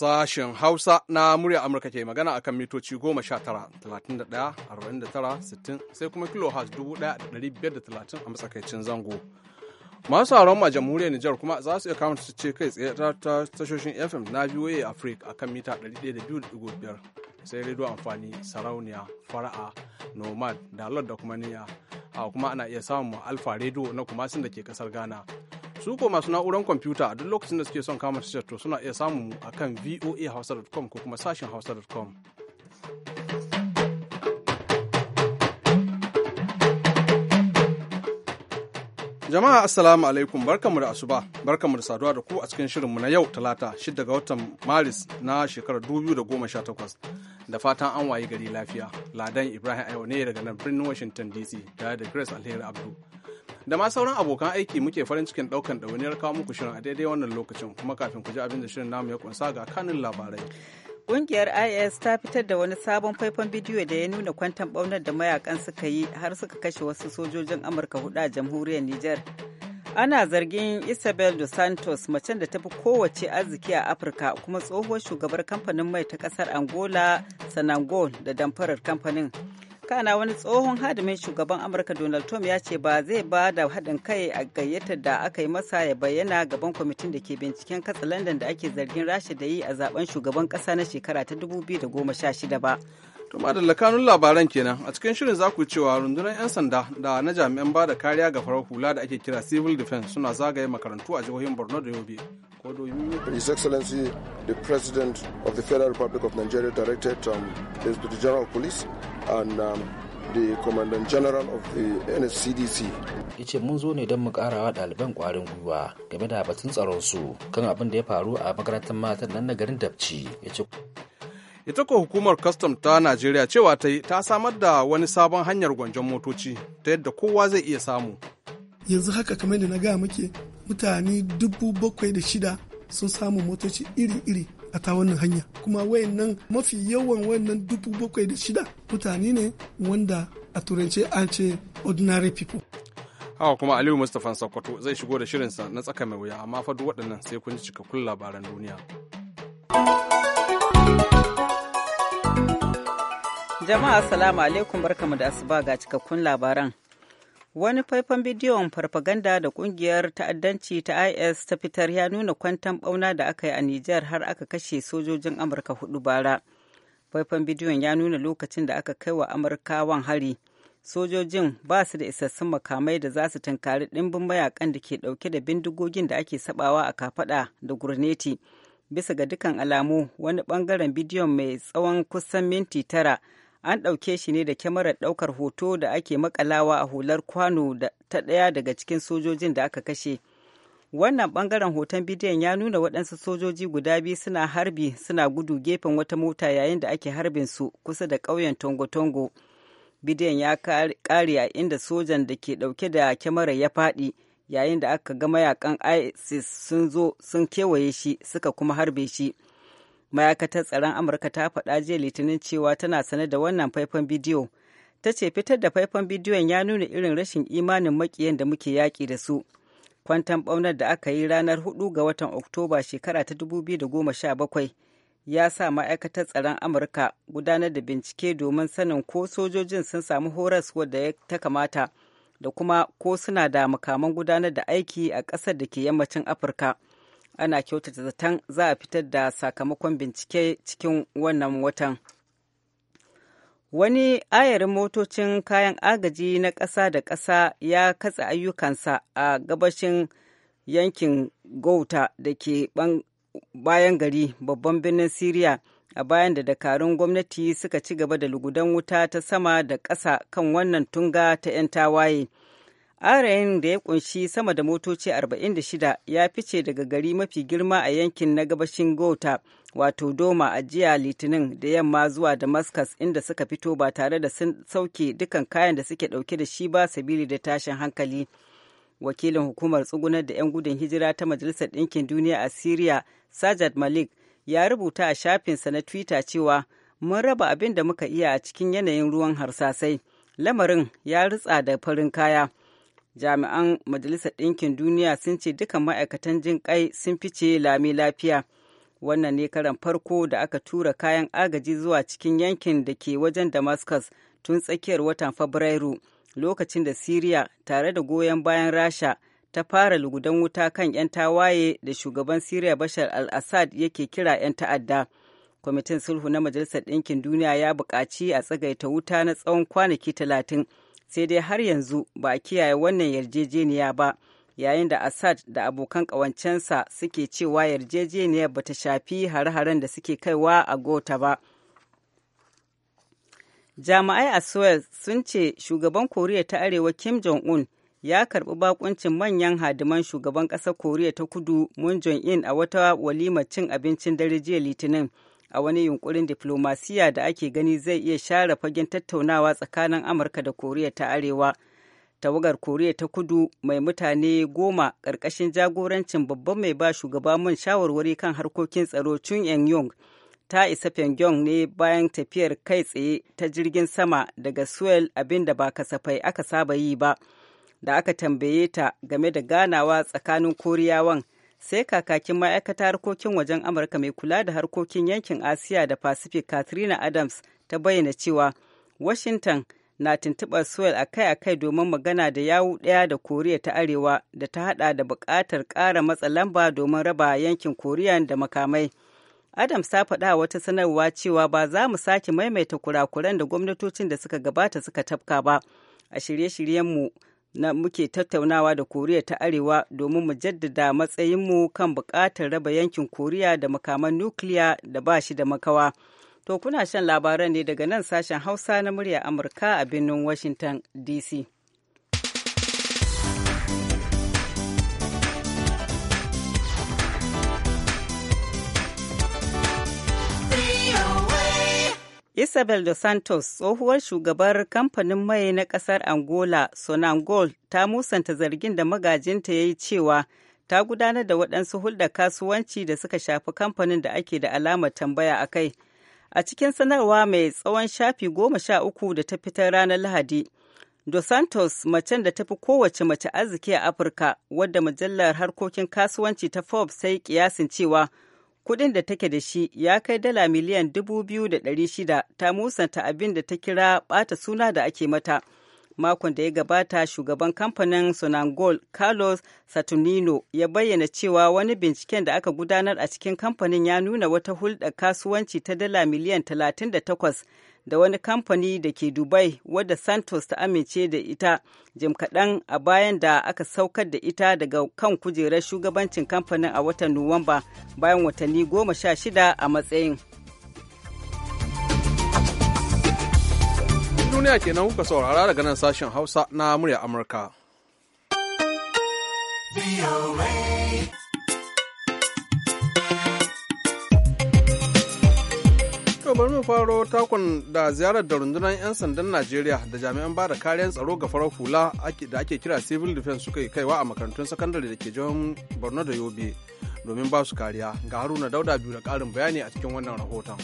Sashen Hausa na murya Amurka ke magana a kan mitoci 19-31-49-60 sai kuma kilohertz 1,530 a matsakaicin zango. Masu sauran ma jamhuriyar Nijar kuma za su iya kamata su ce kai tsaye ta tashoshin FM na VOA Africa a kan mita 102.5 sai rediyo amfani sarauniya fara'a nomad dalar da kuma niya. a kuma ana iya samun alfa rediyo na kumasin da ke kasar Ghana. su ko masu na'urar kwamfuta a duk lokacin da suke son kama su to suna iya samu mu a kan voahausa.com ko kuma sashen hausa.com. Jama'a assalamu alaikum barkamu da asuba barkamu da saduwa da ku a cikin shirinmu na yau talata 6 ga watan maris na shekarar 2018 da fatan an waye gari lafiya ladan ibrahim ayo ne daga nan birnin washington dc tare da grace alheri abdu da ma sauran abokan aiki muke farin cikin daukan ɗawainiyar kawo muku shirin a daidai wannan lokacin kuma kafin ku ji abin da shirin namu ya kunsa ga kanin labarai Ƙungiyar IS ta fitar da wani sabon faifan bidiyo da ya nuna kwantan ɓaunar da mayakan suka yi har suka kashe wasu sojojin Amurka hudu a jamhuriyar Nijar. Ana zargin Isabel dos Santos macen da ta fi kowace arziki a Afirka kuma tsohuwar shugabar kamfanin mai ta ƙasar Angola, Sanangol da damfarar kamfanin. kana wani tsohon hadimin shugaban amurka donald trump ya ce ba zai ba da haɗin kai a gayyatar da aka yi masa ya bayyana gaban kwamitin da ke binciken katsa london da ake zargin rasha da yi a zaben shugaban ƙasa na shekara ta 2016 ba To da kanun labaran kenan a cikin shirin za ku cewa rundunar 'yan sanda da na jami'an ba da kariya ga farar hula da ake kira civil defense suna zagaye makarantu a jihohin Borno da Yobe. His Excellency the President of the Federal Republic of Nigeria directed um, the General of Police and um, the Commandant General of the NSCDC. ya mun zo ne don mu karawa ɗaliban ƙwarin gwiwa game da batun tsaron su kan abin da ya faru a makarantar matan nan na garin dabci ya ita ko hukumar kwastam ta najeriya cewa ta yi ta samar da wani sabon hanyar gwanjon motoci ta yadda kowa zai iya samu yanzu haka kamar da na gaya muke mutane dubu bakwai da shida sun samu motoci iri-iri a ta wannan hanya kuma wayannan mafi yawan wayannan dubu bakwai da shida mutane ne wanda a turance an ce ordinary people haka kuma aliyu mustapha sokoto zai shigo da shirinsa na tsaka mai wuya amma fa waɗannan sai kun ji cikakkun labaran duniya Jama'a assalamu alaikum barkamu da asuba ga cikakkun labaran. Wani faifan bidiyon farfaganda da kungiyar ta'addanci ta IS ta fitar ya nuna kwantan bauna da aka yi a Nijar har aka kashe sojojin Amurka hudu bara. Faifan bidiyon ya nuna lokacin da aka kai wa Amurkawan hari. Sojojin ba su da isassun makamai da za su tunkari ɗimbin mayakan da ke ɗauke da bindigogin da ake sabawa a kafada da gurneti. Bisa ga dukan alamu wani ɓangaren bidiyon mai tsawon kusan minti tara an ɗauke shi ne da kyamarar ɗaukar hoto da ake makalawa a hular kwano ta ɗaya daga cikin sojojin da aka kashe wannan ɓangaren hoton bidiyon ya nuna waɗansu sojoji guda biyu suna harbi suna gudu gefen wata mota yayin da ake harbin su kusa da ƙauyen tongo-tongo bidiyon ya ƙare a inda sojan da ke ɗauke da kyamarar ya faɗi yayin da aka ga mayakan isis sun zo sun kewaye shi suka kuma harbe shi ma'aikatar tsaron amurka ta faɗa jiya litinin cewa tana sane da wannan faifan bidiyo ta ce fitar da faifan bidiyon ya nuna irin rashin imanin makiyan da muke yaƙi da su kwantan ɓaunar da aka yi ranar 4 ga watan oktoba shekara ta 2017 ya sa ma'aikatar tsaron amurka gudanar da bincike domin sanin ko sojojin sun samu horaswar da ta kamata da kuma ko suna da makaman gudanar da aiki a ƙasar da ke yammacin afirka. ana kyautata zaton za a fitar da sakamakon bincike cikin wannan watan wani ayarin motocin kayan agaji na ƙasa da ƙasa ya katsa ayyukansa a gabashin yankin gauta da ke bayan gari babban birnin siriya a bayan da dakarun gwamnati suka ci gaba da lugudan wuta ta sama da ƙasa kan wannan tunga ta 'yan tawaye. arayin da ya kunshi sama da motoci 46 ya fice daga gari mafi girma a yankin na gabashin gota wato doma a jiya litinin da yamma zuwa damascus inda suka fito ba tare da sun sauke dukan kayan da suke dauke da shi ba sabili da tashin hankali wakilin hukumar tsugunar da 'yan gudun hijira ta majalisar ɗinkin duniya a syria sajad malik ya rubuta a shafinsa na twitter cewa mun raba abin da muka iya a cikin yanayin ruwan harsasai lamarin ya ritsa da farin kaya jami'an majalisar ɗinkin duniya sun ce duka ma'aikatan jin kai sun fice lami lafiya wannan ne karan farko da aka tura kayan agaji zuwa cikin yankin da ke wajen damascus tun tsakiyar watan fabrairu lokacin da siriya tare da goyon bayan rasha ta fara lugudan wuta kan 'yan tawaye da shugaban siriya bashar al-assad yake kira 'yan ta'adda kwamitin sulhu na majalisar ɗinkin duniya ya buƙaci a tsagaita wuta na tsawon kwanaki talatin sai dai har yanzu ba a kiyaye wannan yarjejeniya ba yayin da assad da abokan ƙawancensa suke cewa yarjejeniyar ba ta shafi hare-haren da suke kaiwa a gota ba jami'ai a suez sun ce shugaban koriya ta arewa kim jong-un ya karbi bakuncin manyan hadiman shugaban ƙasar koriya ta kudu moon jong-in a wata walimar cin abincin dare jiya litinin a wani yunkurin diflomasiya da ake gani zai iya share fagen tattaunawa tsakanin amurka da koriya ta arewa tawagar koriya ta kudu mai mutane goma ƙarƙashin jagorancin babban mai ba shugaba mun shawarwari kan harkokin tsaro chun yang yong ta isa pyongyang ne bayan tafiyar kai tsaye ta jirgin sama daga suel abinda ba kasafai aka saba yi ba da aka tambaye ta game da ganawa tsakanin koriyawan sai kakakin ma'aikata harkokin wajen amurka mai kula da harkokin yankin asiya da pacific katrina adams ta bayyana cewa washington na tuntuɓar soil akai-akai domin magana da yawu ɗaya da koriya ta arewa da ta hada da buƙatar ƙara matsa lamba domin raba yankin koriya da makamai adams ta faɗa wata sanarwa cewa ba za mu sake maimaita kurakuran da gwamnatocin da suka gabata suka tafka ba a shirye-shiryenmu na muke tattaunawa da koriya ta arewa domin mu jaddada matsayinmu kan bukatar raba yankin koriya da makaman nukiliya da ba shi da makawa to kuna shan labaran ne daga nan sashen hausa na murya amurka a birnin washington dc Isabel dos Santos, tsohuwar shugabar kamfanin mai na ƙasar Angola, Sonangol, ta musanta zargin da magajinta ya yi cewa ta gudanar da waɗansu hulɗar kasuwanci da suka shafi kamfanin da ake da alamar tambaya a kai. A cikin sanarwa mai tsawon shafi goma sha uku da ta fitar ranar Lahadi, Dos Santos macen da ta fi kowace mace arziki a Afirka, wadda mujallar harkokin kasuwanci ta Forbes sai kiyasin cewa kuɗin da take da shi ya kai dala miliyan dubu biyu da ɗari shida ta musanta abin da ta kira ɓata suna da ake mata. makon da ya gabata shugaban kamfanin sonangol carlos saturnino ya bayyana cewa wani binciken da aka gudanar a cikin kamfanin ya nuna wata hulɗar kasuwanci ta dala miliyan 38 da wani kamfani da ke dubai wadda santos ta amince da ita jim kaɗan a bayan da aka saukar da ita daga kan kujerar shugabancin kamfanin a watan nuwamba bayan watanni goma sha shida a matsayin duniya kenan kuka saurara daga nan sashen Hausa na murya Amurka. bari mu faro takon da ziyarar da rundunar 'yan sandan Najeriya da jami'an ba da kariyan tsaro ga farar hula da ake kira civil defense suka yi kaiwa a makarantun sakandare da ke jihar Borno da Yobe domin ba su kariya ga Haruna Dauda biyu da karin bayani a cikin wannan rahoton.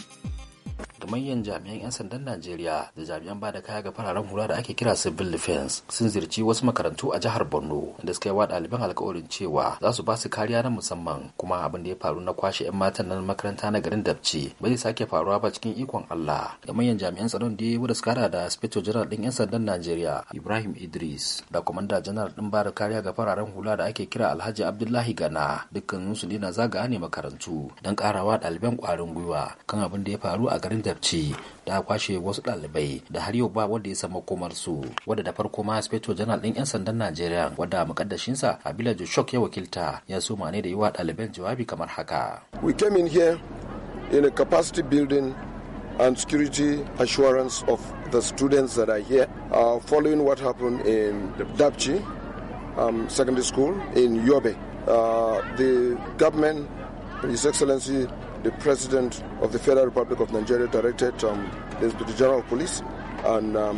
manyan jami'an 'yan sandan najeriya da jami'an ba da kaya ga fararen hula da ake kira civil defense sun zirci wasu makarantu a jihar borno da suka yi wa ɗaliban alkawarin cewa za su ba su kariya na musamman kuma abin da ya faru na kwashe 'yan matan na makaranta na garin dabci ba zai sake faruwa ba cikin ikon allah da manyan jami'an tsaron da ya suka da inspector general ɗin 'yan sandan najeriya ibrahim idris da kwamanda general ɗin ba da kariya ga fararen hula da ake kira alhaji abdullahi gana dukkaninsu ne na zagaya ne makarantu don karawa ɗaliban ƙwarin gwiwa kan abin da ya faru a garin tafci da kwashe wasu ɗalibai da har yau ba wanda ya samu makomar su wanda da farko ma speto general din 'yan sandan najeriya wanda sa abila joshok ya wakilta ya suma ne da yawa daliban jawabi kamar haka we came in here in a capacity building and security assurance of the students that are here uh, following what happened in Dabchi um, Secondary School in Yobe. Uh, the government, His Excellency the President of the Federal Republic of Nigeria directed um, the Inspector General of Police and um,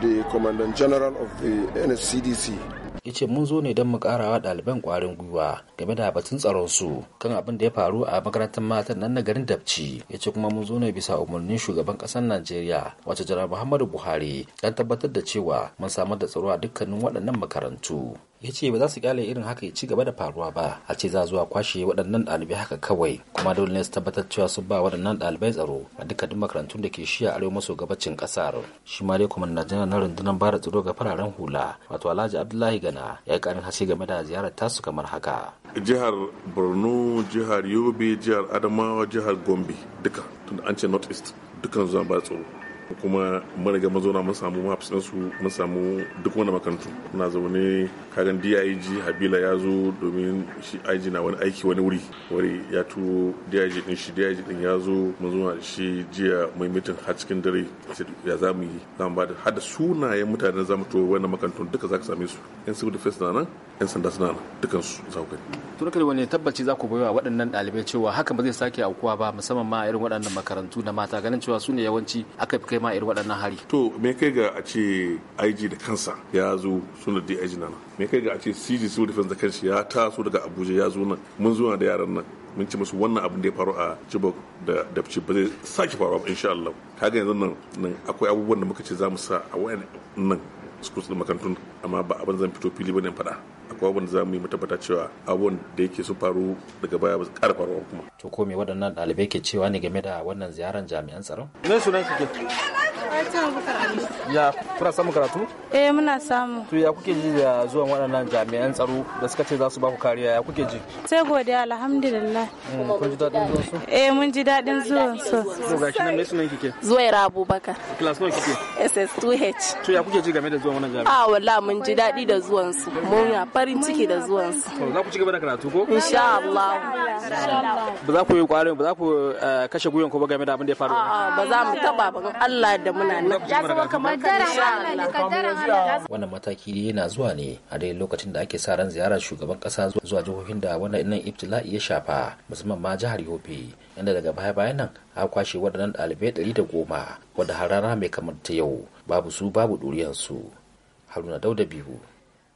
the Commandant General of the NFCDC ya mun zo ne don mu kara wa ɗaliban ƙwarin gwiwa game da batun tsaron su kan abin da ya faru a makarantar matan nan na garin dabci ya kuma mun zo ne bisa umarnin shugaban ƙasar najeriya wace janar muhammadu buhari don tabbatar da cewa mun samar da tsaro a dukkanin waɗannan makarantu ya ce ba za su kyale irin haka ya ci gaba da faruwa ba a ce za zuwa kwashe waɗannan ɗalibai haka kawai kuma dole ne su tabbatar cewa su ba waɗannan ɗalibai tsaro a dukkanin makarantun da ke shiya arewa maso gabacin ƙasar shi ma dai kuma na jana na rundunar bada tsaro ga fararen hula wato alhaji abdullahi gana ya yi ƙarin haske game da ziyarar tasu kamar haka. jihar borno jihar yobe jihar adamawa jihar gombe duka tun an ce north east dukkan zuwa ba tsaro kuma mun mazauna mun mun samu maps mun samu duk wani makarantu muna zaune kagan DIG Habila ya zo domin shi IG na wani aiki wani wuri wuri ya tu DIG din shi DIG din ya zo mun zo da shi jiya mai mitin har cikin dare ya za mu yi za mu ba da hada sunayen mutanen za mu to wani makarantun duka za ka same su in su civil defense na nan yan sanda suna nan dukansu za tun gani wani tabbaci za ku baiwa waɗannan ɗalibai cewa hakan ba zai sake aukuwa ba musamman ma irin waɗannan makarantu na mata ganin cewa su ne yawanci aka fi kai ma irin waɗannan hari to me kai ga a ce IG da kansa ya zo da IG nan me kai ga a ce CG Civil Defense da kanshi ya taso daga Abuja ya zo nan mun zo da yaran nan mun ci musu wannan abin da ya faru a Chibok da Dabci ba zai sake faruwa ba insha Allah kaga yanzu nan akwai abubuwan da muka ce za mu sa a wayan nan su din makarantun amma ba abin zan fito fili bane faɗa akwai abin da za mu yi mu tabbata cewa abin da yake su faru daga baya ba su ƙara faruwa kuma. To ko me waɗannan ɗalibai ke cewa ne game da wannan ziyarar jami'an tsaron? Me sunan kake? Ya kuna samun karatu? Eh muna samu. To ya kuke ji da zuwan waɗannan jami'an tsaro da suka ce za su ba ku kariya ya kuke ji? Sai godiya alhamdulillah. Mm, kun ji daɗin zuwan su? Eh mun ji daɗin zuwan su. To ga shi nan me sunan kike? Zuwaira Abubakar. Class nawa kike? SS2H. To ya kuke ji game da zuwan wannan jami'an? Ah wallahi mun ji daɗi da zuwan su. Mun farin ciki da zuwansa. Za ku ci gaba da karatu ko? Insha Allah. Ba za ku yi kwarin ba za ku eh, kashe gwiwan ko ba game da abin da ya faru. Ba za mu taba ba Allah da muna nan. Ya zama kamar Allah. Wannan mataki dai yana zuwa ne a dai lokacin da ake sa ran ziyarar shugaban kasa zuwa jihohin da wannan nan ibtila'i ya shafa musamman ma jihar Yobe inda daga baya-bayan nan a kwashe waɗannan ɗalibai ɗari da goma wadda har rana mai kamar ta yau babu su babu ɗuriyarsu. Haruna Dauda Biyu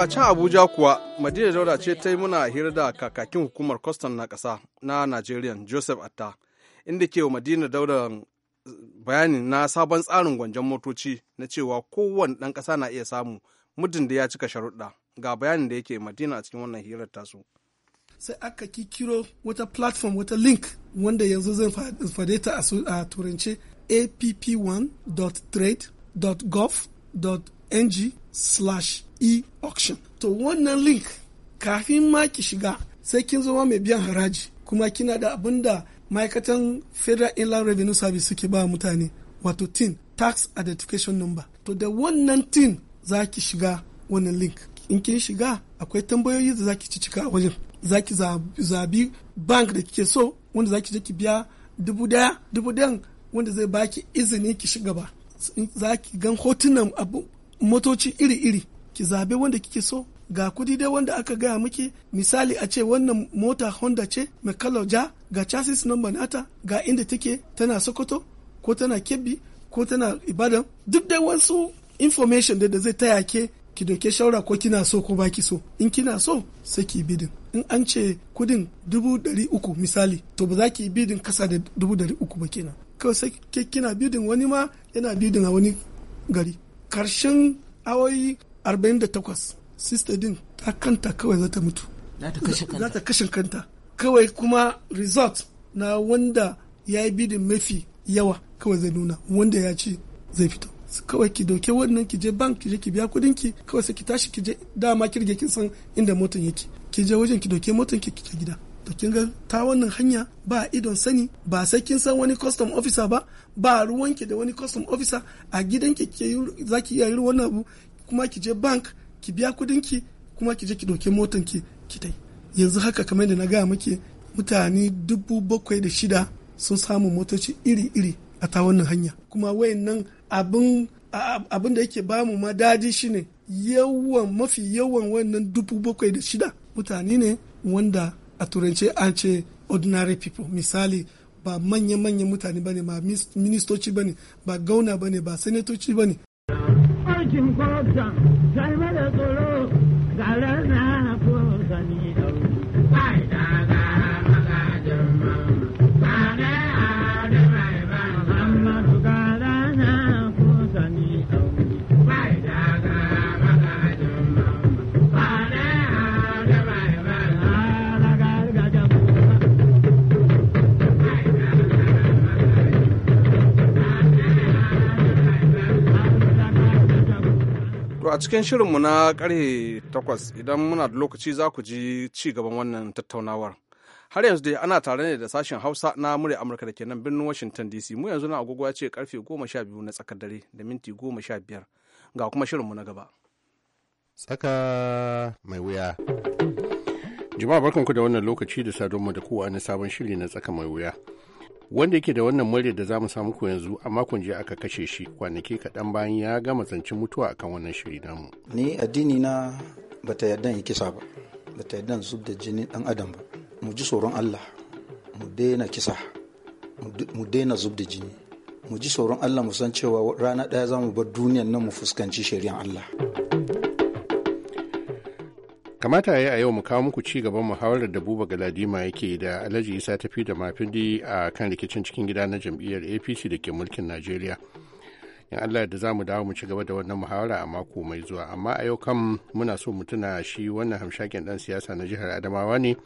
a can Abuja kuwa, Madina Dauda ce ta yi muna hira da kakakin hukumar kwastam na ƙasa na Najeriya, Joseph Atta, inda ke wa Madina Dauda bayani na sabon tsarin gwanjan motoci na cewa kowane ɗan ƙasa na iya samu muddin da ya cika sharuɗa. Ga bayanin da yake Madina a cikin wannan hirar tasu. sai aka kikiro wata platform wata link wanda yanzu zan fade ta a turance app1.trade.gov ng slash e auction to wannan link kafin ma ki shiga sai kin zama mai biyan haraji kuma kina da abin da ma'aikatan federal inland revenue service suke ba mutane wato tin tax identification number to da wannan tin za ki shiga wannan link in kin shiga akwai tambayoyi da za ki cicika a wajen za ki zabi bank da kike so wanda za ki ki biya dubu daya dubu wanda zai baki izini ki shiga ba za ki gan hotunan motoci iri-iri ki zabe wanda kike so ga kudi dai wanda aka gaya miki misali a ce wannan mota honda ce mai kalar ja ga chassis number nata ga inda take tana sokoto ko tana kebbi ko tana ibadan duk dai wasu information da zai taya ke ki doke shaura ko kina so ko baki so in kina so sai ki bidin in an ce kudin dubu dari uku misali to ba za ki bidin kasa da dubu dari uku ba kenan kawai sai kina bidin wani ma yana bidin a wani gari karshen awoyi 48 sister din ta kanta kawai za ta mutu za ta kashe kanta kawai kuma result na wanda ya yi bidin mafi yawa kawai zai nuna wanda ya ce zai fito kawai ki dauke wannan ki je bank ki je ki biya kudin ki kawai sai ki tashi ki je dama kirge kin san inda motan yake ki je wajen ki dauke motan ki ki gida to kin ga ta wannan hanya ba idon sani ba sai kin san wani custom officer ba ba ruwanki da wani custom officer a gidanki ke zaki iya yin wannan abu kuma ki je bank ki biya kudinki kuma ki je ki doke motan ki ki kitai yanzu haka kamar da na gaya maki mutane dubu bakwai da shida sun samu motoci iri-iri a ta wannan hanya kuma wayannan abin abin da yake bamu ma dadi shine yawan mafi yawan wayannan dubu bakwai da shida mutane ne wanda a turance an ce ordinary people misali ba manya manya mutane ba ne ba ministoci ba ba gauna ba ne ba sanatoci ba ne. cikin shirinmu na karhe takwas idan muna da lokaci za ku ji ci gaban wannan tattaunawar. Har yanzu dai ana tare ne da sashen Hausa na murya Amurka da ke nan birnin Washington DC. Mu yanzu na agogo ya ce karfe goma sha biyu na tsakar dare da minti goma sha biyar ga kuma shirinmu na gaba. Tsaka mai wuya. Jama'a barkanku da wannan lokaci da sadonmu da kowa na sabon shiri na tsaka mai wuya. wanda yake da wannan murya da za mu samu ku yanzu a makon jiya aka kashe shi kwanaki kaɗan bayan ya gama zancen mutuwa akan wannan shiri namu ni addini na bata yarda yi kisa ba bata yarda zub da jinin dan adam ba mu ji tsoron Allah mu daina kisa mu daina zub da jini mu ji tsoron Allah mu san cewa rana ɗaya za mu bar duniyan nan mu fuskanci shari'an Allah. kamata ya yi a yau mu kawo muku ci gaban muhawarar da buba galadima yake da alhaji isa ta fi da mafindi a kan rikicin cikin gida na jam'iyyar apc da ke mulkin najeriya in allah da za mu dawo mu ci gaba da wannan muhawara a mako mai zuwa amma a yau kam muna so mu tuna shi wannan hamshakin dan siyasa na jihar adamawa ne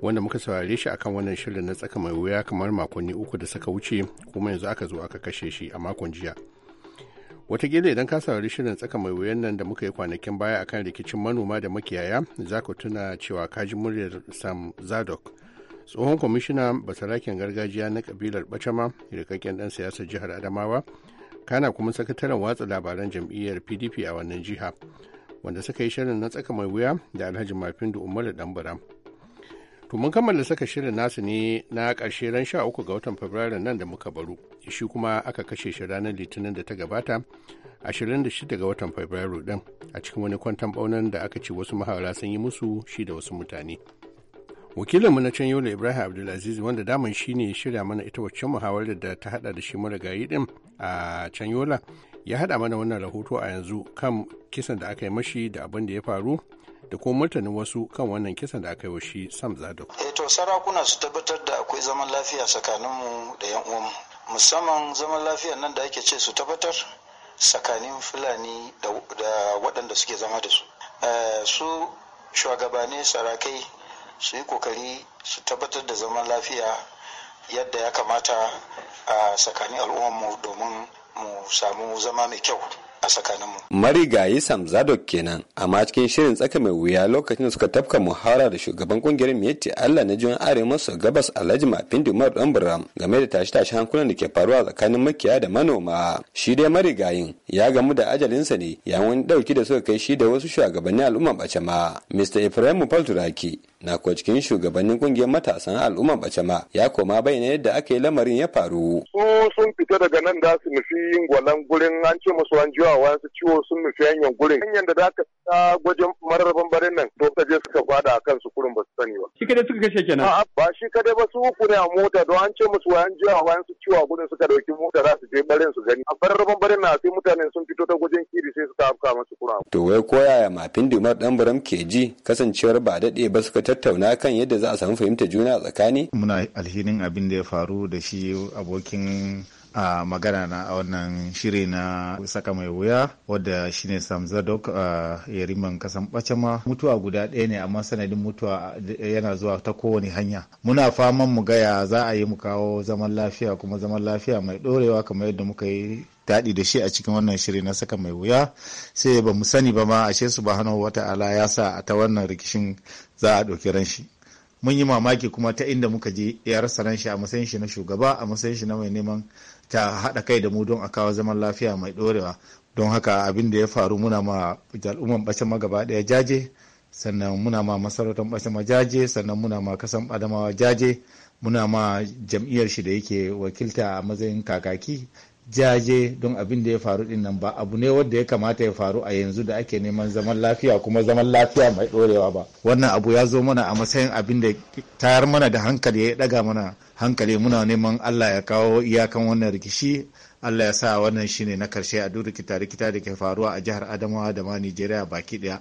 wanda muka saurare shi akan wannan shirin na tsaka mai wuya kamar makonni uku da suka wuce kuma yanzu aka zo aka kashe shi a makon jiya watakila idan ka saurari shirin tsaka mai wuyan nan da muka yi kwanakin baya akan rikicin manoma da makiyaya za ku tuna cewa kaji muryar sam zadok tsohon kwamishina basarakin gargajiya na kabilar bacama rikakken dan siyasar jihar adamawa kana kuma sakataren watsa labaran jam'iyyar pdp a wannan jiha wanda suka yi shirin na tsaka mai wuya da alhaji mafindu umaru dambara To mun kammala saka shirin nasu ne na ƙarshe ran sha uku ga watan Fabrairu nan da muka baro. Shi kuma aka kashe shi ranar Litinin da ta gabata 26 ga watan Fabrairu ɗin a cikin wani kwantan ɓaunan da aka ce wasu mahawara sun yi musu shi da wasu mutane. Wakilinmu na can Yola Ibrahim Abdulaziz wanda daman shi ne shirya mana ita wacce muhawarar da ta hada da shi marigayi din a can Yola ya hada mana wannan rahoto a yanzu kan kisan da aka yi mashi da abin da ya faru da kuma martanin wasu kan wannan kisan da aka yi wa shi sam zadok eh, to sarakuna su tabbatar da akwai zaman lafiya tsakanin mu da yan uwanmu musamman zaman lafiya nan da ake ce su tabbatar tsakanin fulani da waɗanda suke zama da su eh, su shugabanni sarakai su yi kokari su tabbatar da zaman lafiya yadda ya kamata a tsakanin al'ummar mu domin mu samu zama mai kyau a tsakaninmu. Marigayi Samzadok kenan amma cikin shirin tsaka mai wuya lokacin da suka tafka muhara da shugaban kungiyar Miyetti Allah na jiyon arewa maso gabas Alhaji Mafindi Umar Ɗanburam game da tashe-tashen hankulan da ke faruwa tsakanin makiya da manoma. Shi dai marigayin ya gamu da ajalinsa ne yayin wani ɗauki da suka kai shi da wasu shugabannin al'umma ma. Mr. Ibrahim Falturaki na kuwa cikin shugabannin kungiyar matasan al'umma ma, ya koma bayyana yadda aka yi lamarin ya faru. Su sun fita daga nan da su nufi gwalan gurin an ce musu an jiwa yawa wasu ciwo sun nufi hanyar gurin hanyar da zaka ta gwajin marar barin nan to ka je suka fada a kansu kurin ba su sani ba shi kadai suka kashe kenan ba shi kadai ba su uku ne a mota don an ce musu wayan jiwa wayan su ciwo a gurin suka dauki mota za su je barin su gani a barar barin na sai mutanen sun fito ta gwajin kiri sai suka afka masu kura. to wai koyaya mafin dumar dan baram ke ji kasancewar ba dade ba suka tattauna kan yadda za a samu fahimta juna tsakani muna alhinin abin da ya faru da shi abokin a magana na a wannan shiri na saka mai wuya wadda shine sam zadok a yariman kasan bacama mutuwa guda ɗaya ne amma sanadin mutuwa yana zuwa ta kowane hanya muna faman mu gaya za a yi mu kawo zaman lafiya kuma zaman lafiya mai ɗorewa kamar yadda muka yi daɗi da shi a cikin wannan shiri na saka mai wuya sai ba mu sani ba ma ashe su ba wata ala ya sa a ta wannan rikishin za a ɗauki ran shi mun yi mamaki kuma ta inda muka je ya rasa ran shi a matsayin shi na shugaba a matsayin shi na mai neman ta haɗa kai da mu don a kawo zaman lafiya mai ɗorewa don haka abin da ya faru muna ma al'umman ɓace ma gaba ɗaya jaje sannan muna ma masarautar ɓace ma jaje sannan muna ma kasan adamawa jaje muna ma jam'iyyar shi da yake wakilta a matsayin kakaki jaje don abin da ya faru din nan ba abu ne wanda ya kamata ya faru a yanzu da ake neman zaman lafiya kuma zaman lafiya mai dorewa ba wannan abu ya zo mana a matsayin abin da tayar mana da hankali ya daga mana hankali muna neman Allah ya kawo iyakan wannan rikici Allah ya sa wannan shine na karshe a duk rikita-rikita da ke faruwa a jihar Adamawa da ma Nijeriya baki daya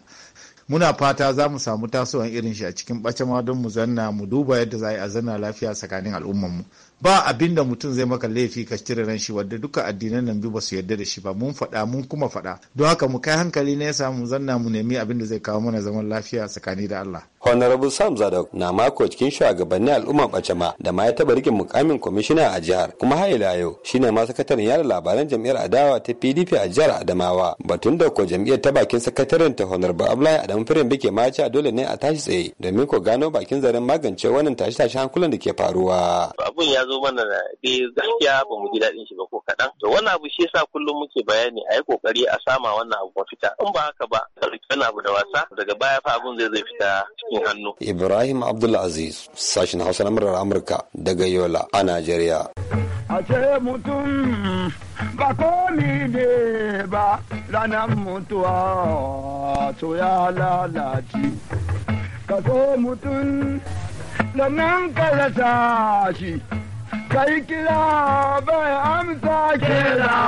muna fata za mu samu tasowan irin shi a cikin bacama don mu zanna mu duba yadda za a zanna lafiya tsakanin mu. ba abin da mutum zai maka laifi ka cire ran shi wadda duka addinan nan biyu ba su yarda da shi ba mun faɗa mun kuma faɗa don haka mu kai hankali na ya mu zanna mu nemi abin da zai kawo mana zaman lafiya tsakani da Allah honorable sam zadok na mako cikin shugabannin al'umma bacama da ma ya taba rike mukamin kwamishina a jihar kuma har ila yau shine ma sakataren yada labaran jam'iyyar adawa ta pdp a jihar adamawa batun da ko jam'iyyar ta bakin sakataren ta honorable abdullahi adamu firin bike ma ce dole ne a tashi tsaye domin ko gano bakin zaren magance wannan tashi tashi hankulan da ke faruwa abun ya zo mana da gaskiya ba mu ji daɗin shi ba kaɗan to wannan abu shi yasa kullum muke bayani a yi ƙoƙari a sama wannan abu mafita in ba haka ba wani abu da wasa daga baya fa abun zai zai fita cikin hannu Ibrahim Abdulaziz sashin Hausa na murar Amurka daga Yola a Najeriya a ce mutum ba komi ne ba ranar mutuwa to ya lalace ka so mutum da ka rasa shi kai kira bai amsa kira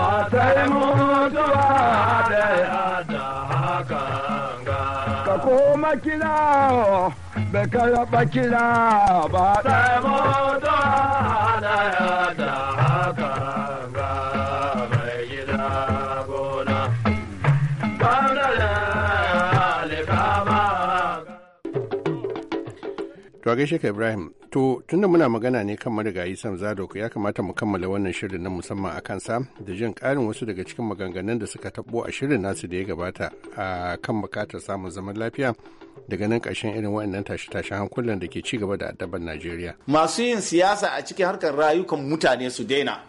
ba sai mutuwa da yada haka ka koma kira bai karaba kira ba sai mutuwa da yada haka To gaishe ka Ibrahim To tunda muna magana ne kan marigayi Sam zadoku ya kamata mu kammala wannan shirin na musamman a kansa da jin karin wasu daga cikin maganganun da suka taɓo a shirin nasu da ya gabata a kan bukatar samun zaman lafiya daga nan ƙarshen irin wa'annan tashe-tashen hankulan da ke ci gaba da addaban Najeriya. Masu yin siyasa a cikin harkar rayukan mutane su daina.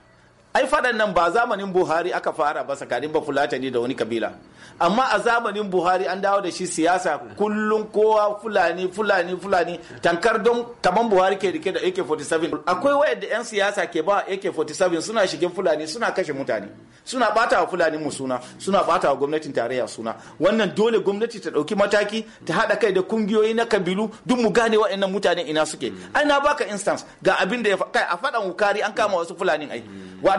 Ai faɗan nan ba zamanin Buhari aka fara ba tsakanin Bafulatani da wani kabila. amma a zamanin buhari an dawo da shi siyasa kullum kowa fulani fulani fulani tankar don kaman buhari ke rike da ak-47 akwai wayar da yan siyasa ke ba ak-47 suna shigin fulani suna kashe mutane suna bata wa fulani mu suna suna bata wa gwamnatin tarayya suna wannan dole gwamnati ta dauki mataki ta hada kai da kungiyoyi na kabilu duk mu gane wa'annan mutane ina suke ai na baka instance ga abin da ya kai a fadan wukari an kama wasu fulani ai wa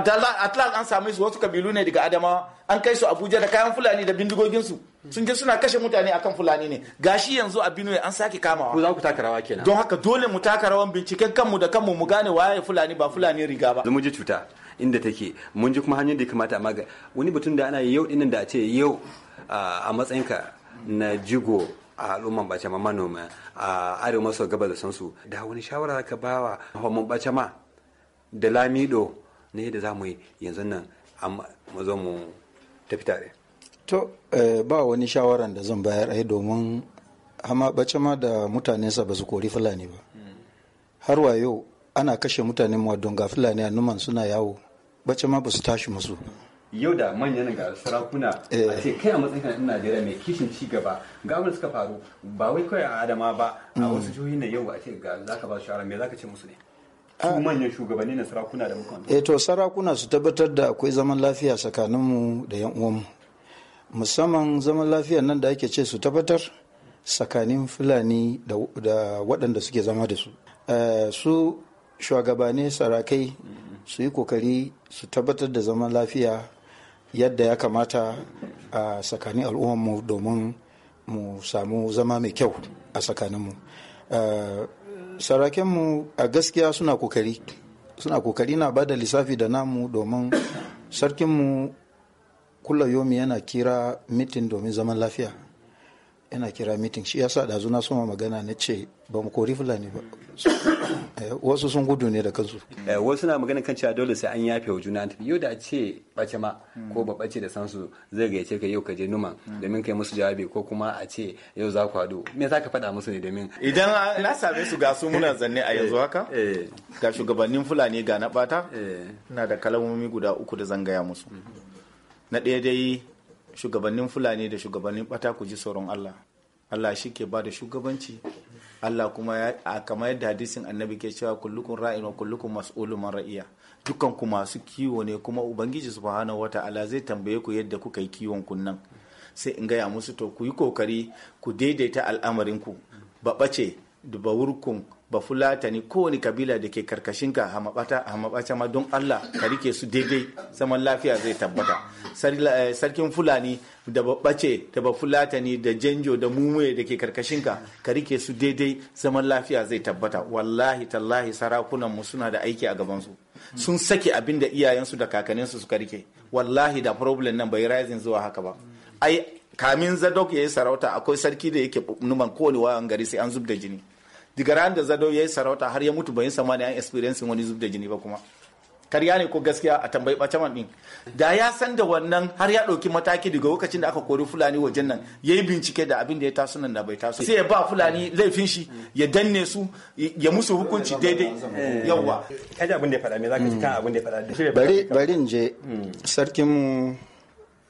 atlas an same su wasu kabilu ne daga adamawa an kai su abuja da kayan fulani da bindigoginsu sun je suna kashe mutane akan fulani ne gashi yanzu a binuwe an sake kamawa ku za ku taka rawa kenan don haka dole mu taka rawan binciken kanmu da kanmu mu gane waye fulani ba fulani riga ba mu ji cuta inda take mun ji kuma hanyar da ya kamata amma wani batun da ana yau dinnan da a ce yau a matsayinka na jigo a al'umman bace ma manoma a arewa maso gabas da sansu da wani shawara ka bawa bace ma da lamido ne da za mu yi yanzu nan amma mu zo mu tafi tare to eh, ba wani shawaran da zan bayar ai domin hama bace ma da mutanensa ba su kori fulani ba har wa yau ana kashe mutanen mu don ga fulani a numan suna yawo bace ma ba su tashi musu yau da manyan ga sarakuna eh. a ce kai a matsayin kan najeriya mai kishin ci gaba ga abin suka faru ba wai kawai a adama ba a hmm. wasu jihohi na yau a ce ga zaka ba shawara me zaka ce musu ne su ah. manyan shugabanni na sarakuna da mukan eh to sarakuna su tabbatar da akwai zaman lafiya tsakaninmu da yan uwanmu musamman zaman lafiyar nan da ake ce su tabbatar tsakanin fulani da waɗanda suke zama da su eh, su shugabane sarakai su yi kokari su tabbatar da zaman lafiya yadda ya kamata a tsakanin al'ummarmu domin mu samu zama mai kyau a tsakaninmu eh, sarakenmu a gaskiya suna kokari suna kokari na ba da lissafi da namu domin sarkinmu kulla yomi yana kira mitin domin zaman lafiya yana kira mitin shi yasa da na suna magana na ce ba mu kori fulani ba eh, wasu sun gudu ne da kansu eh, wasu na magana kan cewa dole sai an yafe wa juna yau da ce bace ma hmm. ko ba bace da sansu zai gayyace ka yau ka je numan hmm. domin kai musu jawabi ko kuma a ce yau za ku hadu me za ka faɗa musu ne domin idan na same su ga su muna zanne a yanzu haka eh. ga shugabannin fulani ga na bata ina da kalamomi guda uku da zan gaya musu hmm. na ɗaya dai shugabannin fulani da shugabannin bata ku ji tsoron allah allah shi ke ba da shugabanci allah kuma a kama yadda hadisin annabi ke cewa kullukun ra'in wa kullukun mas'ulun man ra'iya dukkan ku masu kiwo ne kuma ubangiji subhanahu wata'ala zai tambaye ku yadda kuka yi kiwon kunnan sai in gaya musu to ku yi kokari ku daidaita al'amarin ku baɓace dubarurkun ba fulatani kowane kabila da ke karkashinka hamabata ma don Allah ka rike su daidai zaman lafiya zai tabbata eh, sarkin fulani da babbace da ba fulatani da janjo da mumuye da ke karkashinka ka rike su daidai zaman lafiya zai tabbata wallahi tallahi sarakunan mu suna da aiki a gabansu sun sake abin da iyayensu da kakanninsu suka rike wallahi da problem nan bai rising zuwa haka ba ai kamin zadok ya yi sarauta akwai sarki da yake numan kowane wayan gari sai an zub da jini daga ran da Zado ya yi sarauta har ya mutu bayan samani an experience wani zub da jini ba kuma karya ne ko gaskiya a tambayi man din da ya san da wannan har ya ɗauki mataki daga lokacin da aka kori fulani wajen nan ya yi bincike da abin da ya taso nan da bai taso sai ya ba fulani laifin shi ya danne su ya musu hukunci daidai yawa kaji abin da ya faɗa me zaka ji kan abin da ya faɗa bari bari in je hmm. sarkin mu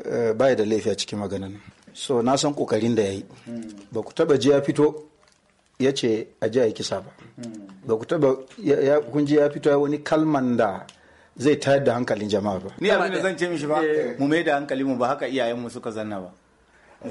eh, bai da laifi a cikin maganan so na san kokarin da yayi hmm. ba ku taba ji ya fito ya ce a ji a yi kisa ba ba ku taba ya kunji ya fito ya wani kalman da zai tayar da hankalin jama'a ba ni abin da zan ce mishi ba mu mai da hankali mu ba haka iyayen mu suka zanna ba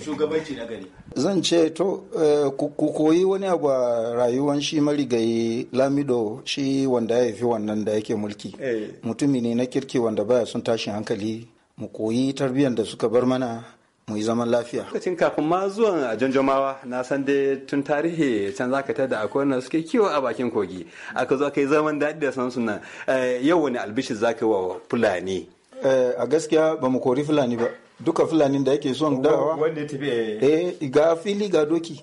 shugabanci na gari zan ce to eh, ku koyi wani abu a rayuwan shi marigayi lamido shi wanda ya haifi wannan da yake mulki eh. mutumi ne na kirki wanda baya son tashin hankali mu koyi tarbiyyar da suka bar mana mu yi zaman lafiya. Lokacin kafin ma zuwan a janjamawa na san dai tun tarihi can ka ta da akwai wanda suke kiwo a bakin kogi aka zo aka zaman daɗi da san suna eh, yau wani albishi ka yi wa fulani. Eh, a gaskiya ba mu kori fulani ba duka fulani da yake son dawa. Wanda ya tafi. Eh, eh ga fili ga doki.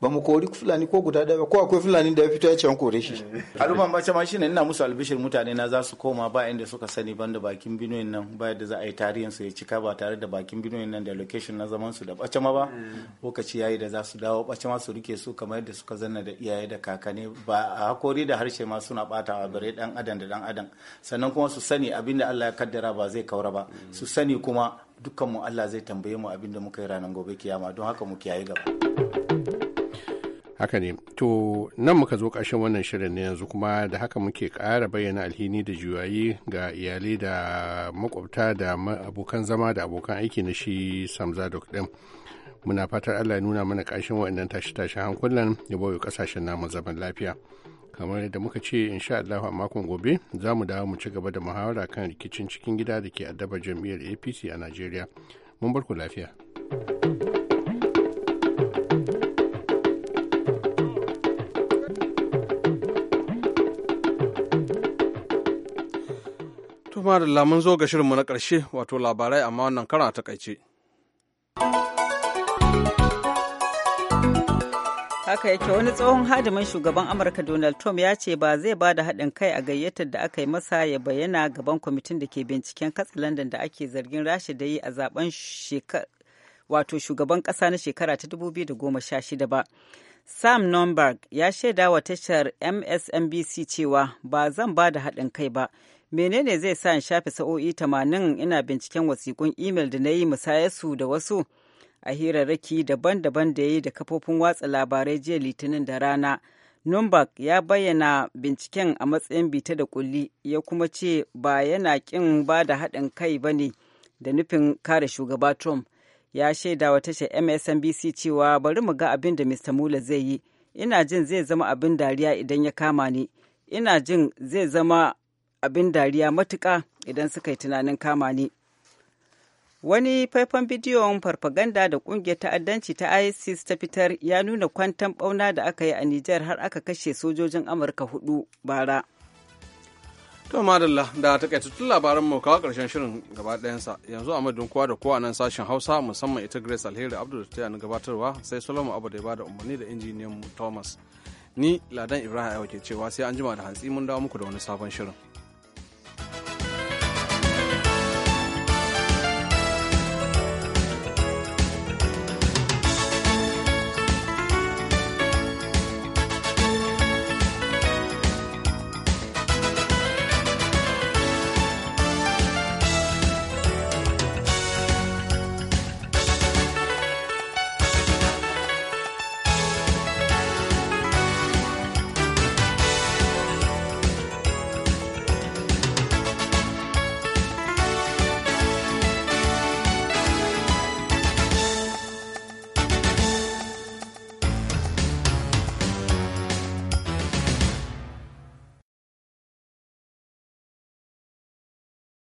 ba mu kori fulani ko guda ɗaya ko akwai fulani da ya fito ya ce an kore shi al'umma mace ma shine ina musu albishir mutane na za su koma ba inda suka sani ban da bakin binuyin nan ba yadda za a yi tarihin su ya cika ba tare da bakin binuyin nan da location na zaman su da bace ma ba mm. lokaci yayi da za su dawo bace ma su rike su kamar yadda suka zanna da iyaye da kakanni ba a hakori da harshe ma suna batawa bare dan adam da dan adam sannan kuma su sani abin da Allah ya kaddara ba zai kaura ba mm. su sani kuma dukkanmu Allah zai tambaye mu abin da muka yi ranar gobe kiyama don haka mu kiyaye gaba haka ne to nan muka zo ƙarshen wannan shirin ne yanzu kuma da haka muke ƙara bayyana alhini da juyayi ga iyalai da makwabta da abokan zama da abokan aiki na shi samzadok ɗin muna fatar allah ya nuna mana ƙarshen waɗannan tashi-tashi hankulan ya bayo ƙasashen namu zaman lafiya kamar yadda muka ce insha allahu a makon gobe za mu dawo mu ci gaba da muhawara kan rikicin cikin gida da ke addabar jam'iyyar apc a najeriya mun bar ku lafiya. kuma da lamun zo ga shirinmu na ƙarshe wato labarai amma wannan kara ta takaice. haka yake wani tsohon hadimin shugaban amurka donald trump ya ce ba zai ba da haɗin kai a gayyatar da aka yi masa ya bayyana gaban kwamitin da ke binciken katsalandan da ake zargin rashi da yi a zaben wato shugaban ƙasa na shekara ta 2016 ba sam nomberg ya shaida wa tashar msnbc cewa ba zan ba da haɗin kai ba menene zai sa in shafe sa'o'i tamanin ina binciken wasikun imel da na yi musayarsu da wasu a hirarraki daban-daban da ya yi da kafofin watsa labarai jiya litinin da rana Numbak ya bayyana binciken a matsayin bita da kulli ya kuma ce ba yana kin ba da haɗin kai ba ne da nufin kare shugaba Trump. Ya shaida wa tashar MSNBC cewa bari mu ga abin da Mr. mula zai yi. Ina jin zai zama abin dariya idan ya kama ni. Ina jin zai zama abin dariya matuka idan suka yi tunanin kama ni. Wani faifan bidiyon farfaganda da ƙungiyar ta'addanci ta ISIS ta fitar ya nuna kwantan ɓauna da aka yi a Nijar har aka kashe sojojin Amurka hudu bara. To madalla da takaitattun labaran mu kawo karshen shirin gaba ɗayansa yanzu a madun kowa da kowa nan sashen Hausa musamman ita Grace Alheri Abdul ta yana gabatarwa sai Solomon Abu da ya bada umarni da injiniyan mu Thomas. Ni Ladan Ibrahim Ayo ke cewa sai an jima da hantsi mun dawo muku da wani sabon shirin.